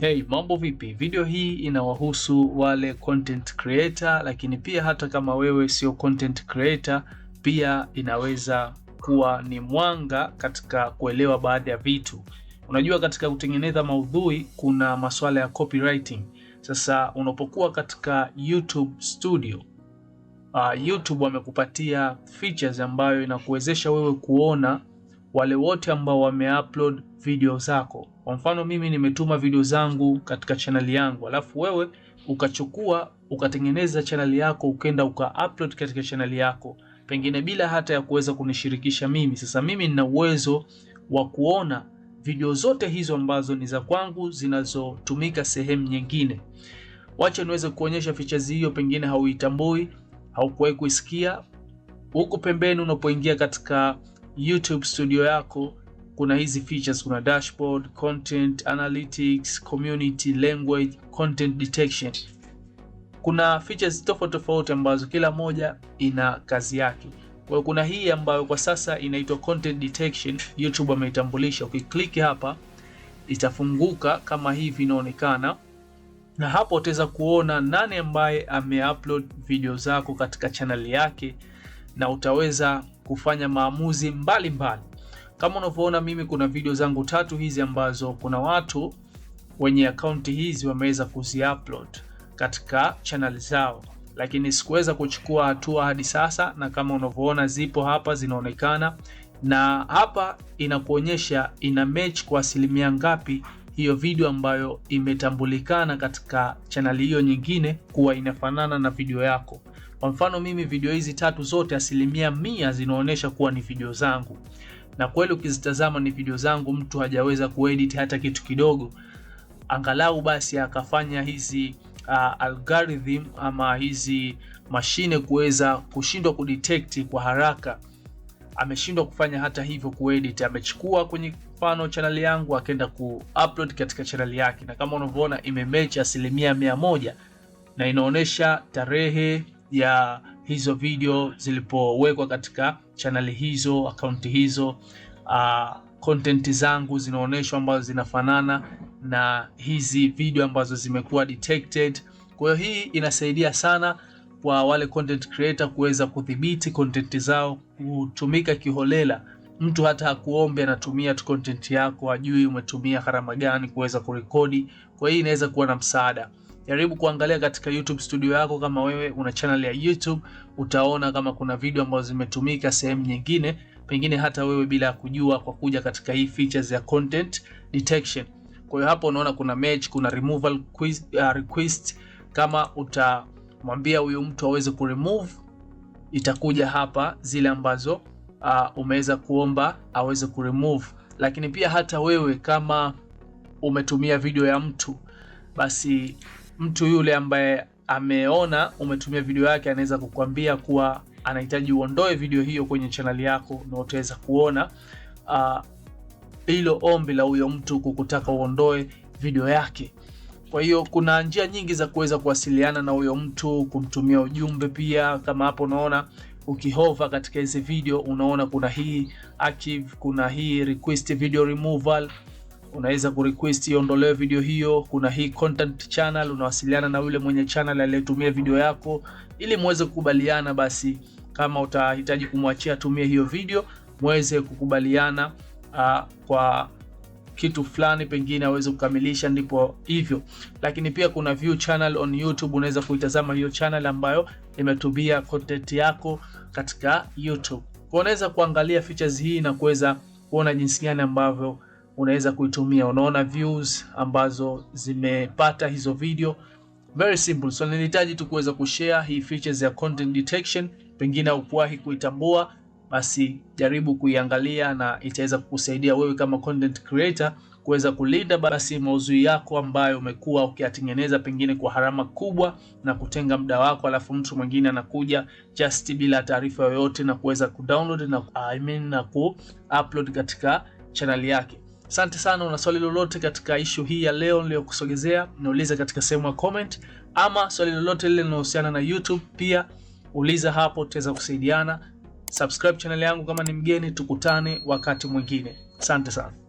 Hey, mambo vipi? Video hii inawahusu wale content creator, lakini pia hata kama wewe sio content creator, pia inaweza kuwa ni mwanga katika kuelewa baadhi ya vitu. Unajua, katika kutengeneza maudhui kuna masuala ya copywriting. Sasa unapokuwa katika YouTube Studio, uh, YouTube wamekupatia features ambayo inakuwezesha wewe kuona wale wote ambao wameupload video zako. Kwa mfano mimi nimetuma video zangu katika chaneli yangu, alafu wewe ukachukua ukatengeneza chaneli yako ukenda ukaupload katika chaneli yako, pengine bila hata ya kuweza kunishirikisha mimi. Sasa mimi nina uwezo wa kuona video zote hizo ambazo ni za kwangu zinazotumika sehemu nyingine. Wacha niweze kuonyesha features hiyo, pengine hauitambui, haukuwahi kuisikia. Huku pembeni unapoingia katika YouTube studio yako kuna hizi features, kuna dashboard, content analytics, community language, content detection. Kuna features tofauti tofauti ambazo kila moja ina kazi yake. Kwa hiyo kuna hii ambayo kwa sasa inaitwa content detection, YouTube ameitambulisha. Ukiklik hapa itafunguka kama hivi inaonekana, na hapo utaweza kuona nani ambaye ameupload video zako katika channel yake na utaweza kufanya maamuzi mbalimbali mbali. Kama unavyoona mimi kuna video zangu tatu hizi ambazo kuna watu wenye akaunti hizi wameweza kuziupload katika channel zao, lakini sikuweza kuchukua hatua hadi sasa, na kama unavyoona zipo hapa zinaonekana, na hapa inakuonyesha ina match kwa asilimia ngapi hiyo video ambayo imetambulikana katika channel hiyo nyingine kuwa inafanana na video yako. Kwa mfano mimi video hizi tatu zote asilimia mia zinaonyesha kuwa ni video zangu, na kweli ukizitazama ni video zangu, mtu hajaweza kuedit hata kitu kidogo. Angalau basi akafanya hizi uh, algorithm ama hizi mashine kuweza kushindwa kudetect kwa haraka ameshindwa kufanya hata hivyo kuedit. Amechukua kwenye mfano chaneli yangu akaenda kuupload katika chaneli yake, na kama unavyoona imemecha asilimia mia moja na inaonyesha tarehe ya hizo video zilipowekwa katika chaneli hizo, akaunti hizo, uh, content zangu zinaonyeshwa ambazo zinafanana na hizi video ambazo zimekuwa detected. Kwa hiyo hii inasaidia sana kwa wale content creator kuweza kudhibiti content zao kutumika kiholela. Mtu hata hakuombe, anatumia tu content yako, ajui umetumia gharama gani kuweza kurekodi. Kwa hiyo inaweza kuwa na msaada jaribu kuangalia katika YouTube studio yako. Kama wewe una channel ya YouTube, utaona kama kuna video ambazo zimetumika sehemu nyingine, pengine hata wewe bila kujua, kwa kuja katika hii features ya content detection. Kwa hiyo hapo unaona kuna match, kuna removal quiz, uh, request. Kama utamwambia huyu mtu aweze kuremove, itakuja hapa zile ambazo uh, umeweza kuomba aweze kuremove. Lakini pia hata wewe kama umetumia video ya mtu basi mtu yule ambaye ameona umetumia video yake anaweza kukwambia kuwa anahitaji uondoe video hiyo kwenye chaneli yako, na utaweza kuona uh, hilo uh, ombi la huyo mtu kukutaka uondoe video yake. Kwa hiyo kuna njia nyingi za kuweza kuwasiliana na huyo mtu, kumtumia ujumbe pia. Kama hapo unaona ukihova katika hizi video unaona kuna hii archive, kuna hii request video removal unaweza kurequest iondolewe video hiyo. Kuna hii content channel, unawasiliana na yule mwenye channel aliyetumia video yako ili muweze kukubaliana, basi kama utahitaji kumwachia tumie hiyo video muweze kukubaliana uh, kwa kitu fulani pengine aweze kukamilisha, ndipo hivyo. Lakini pia kuna view channel on YouTube, unaweza kuitazama hiyo channel ambayo imetumia content yako katika YouTube. Kwa Unaweza kuangalia features hii na kuweza kuona jinsi gani ambavyo unaweza kuitumia. Unaona views ambazo zimepata hizo video, very simple. So nilihitaji tu kuweza kushare hii features ya content detection, pengine hukuwahi kuitambua, basi jaribu kuiangalia na itaweza kukusaidia wewe kama content creator kuweza kulinda basi mauzui yako ambayo umekuwa ukiyatengeneza pengine kwa harama kubwa na kutenga muda wako, alafu mtu mwingine anakuja just bila taarifa yoyote na kuweza kudownload na I mean, na kuupload katika channel yake. Asante sana. Una swali lolote katika ishu hii ya leo niliyokusogezea, nauliza katika sehemu ya comment, ama swali lolote lile linalohusiana na YouTube pia uliza hapo, tutaweza kusaidiana. Subscribe channel yangu kama ni mgeni. Tukutane wakati mwingine. Asante sana.